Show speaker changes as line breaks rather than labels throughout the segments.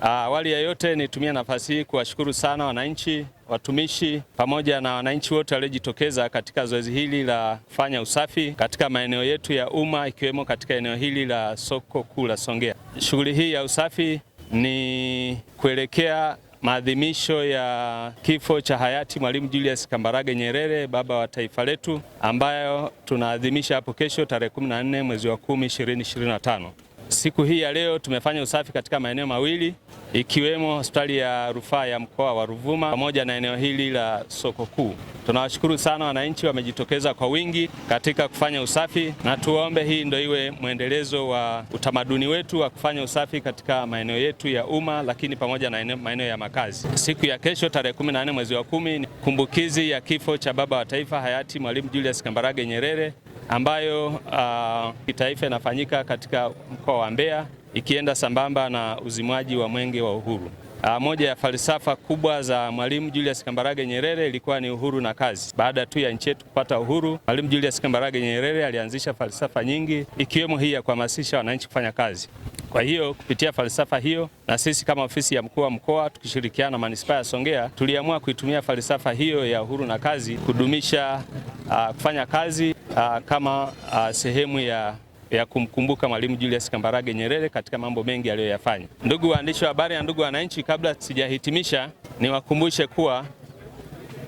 Ah, awali ya yote nitumia nafasi hii kuwashukuru sana wananchi, watumishi pamoja na wananchi wote waliojitokeza katika zoezi hili la kufanya usafi katika maeneo yetu ya umma ikiwemo katika eneo hili la soko kuu la Songea. Shughuli hii ya usafi ni kuelekea maadhimisho ya kifo cha hayati Mwalimu Julius Kambarage Nyerere, baba wa taifa letu, ambayo tunaadhimisha hapo kesho tarehe 14 mwezi wa 10 2025. Siku hii ya leo tumefanya usafi katika maeneo mawili ikiwemo hospitali ya rufaa ya mkoa wa Ruvuma pamoja na eneo hili la soko kuu. Tunawashukuru sana wananchi, wamejitokeza kwa wingi katika kufanya usafi, na tuombe hii ndio iwe mwendelezo wa utamaduni wetu wa kufanya usafi katika maeneo yetu ya umma, lakini pamoja na maeneo ya makazi. Siku ya kesho tarehe 14 mwezi wa kumi, kumbukizi ya kifo cha baba wa taifa hayati Mwalimu Julius Kambarage Nyerere ambayo uh, kitaifa inafanyika katika mkoa wa Mbeya ikienda sambamba na uzimwaji wa mwenge wa uhuru. Uh, moja ya falsafa kubwa za Mwalimu Julius Kambarage Nyerere ilikuwa ni uhuru na kazi. Baada tu ya nchi yetu kupata uhuru, Mwalimu Julius Kambarage Nyerere alianzisha falsafa nyingi ikiwemo hii ya kuhamasisha wananchi kufanya kazi. Kwa hiyo kupitia falsafa hiyo na sisi kama ofisi ya mkuu wa mkoa tukishirikiana na manispaa ya Songea tuliamua kuitumia falsafa hiyo ya uhuru na kazi kudumisha uh, kufanya kazi uh, kama uh, sehemu ya ya kumkumbuka Mwalimu Julius Kambarage Nyerere katika mambo mengi aliyoyafanya. Ndugu waandishi wa habari na ndugu wananchi, kabla sijahitimisha, niwakumbushe kuwa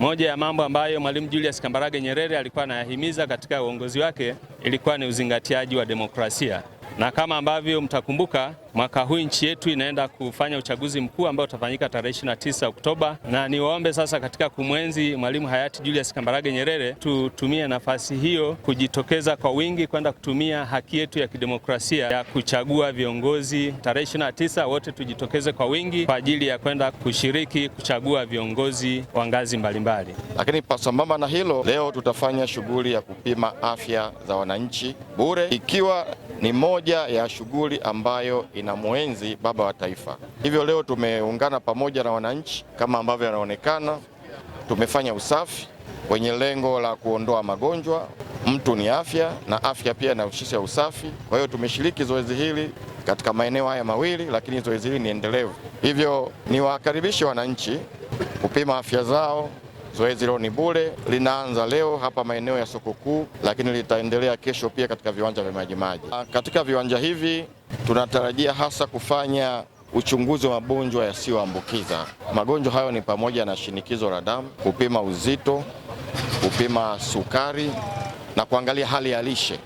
moja ya mambo ambayo Mwalimu Julius Kambarage Nyerere alikuwa anayahimiza katika uongozi wake ilikuwa ni uzingatiaji wa demokrasia, na kama ambavyo mtakumbuka Mwaka huu nchi yetu inaenda kufanya uchaguzi mkuu ambao utafanyika tarehe 29 Oktoba, na niwaombe sasa katika kumwenzi Mwalimu hayati Julius Kambarage Nyerere tutumie nafasi hiyo kujitokeza kwa wingi kwenda kutumia haki yetu ya kidemokrasia ya kuchagua viongozi tarehe 29. Wote tujitokeze kwa wingi kwa ajili ya kwenda kushiriki kuchagua viongozi wa ngazi mbalimbali.
Lakini sambamba na hilo, leo tutafanya shughuli ya kupima afya za wananchi bure, ikiwa ni moja ya shughuli ambayo ina mwenzi baba wa taifa. Hivyo leo tumeungana pamoja na wananchi kama ambavyo yanaonekana, tumefanya usafi kwenye lengo la kuondoa magonjwa. Mtu ni afya na afya pia inahusisha usafi. Kwa hiyo tumeshiriki zoezi hili katika maeneo haya mawili, lakini zoezi hili ni endelevu. Hivyo niwakaribishe wananchi kupima afya zao. Zoezi hilo ni bure, linaanza leo hapa maeneo ya soko kuu, lakini litaendelea kesho pia katika viwanja vya Majimaji. Katika viwanja hivi Tunatarajia hasa kufanya uchunguzi wa magonjwa yasiyoambukiza. Magonjwa hayo ni pamoja na shinikizo la damu, kupima uzito, kupima sukari na kuangalia hali ya lishe.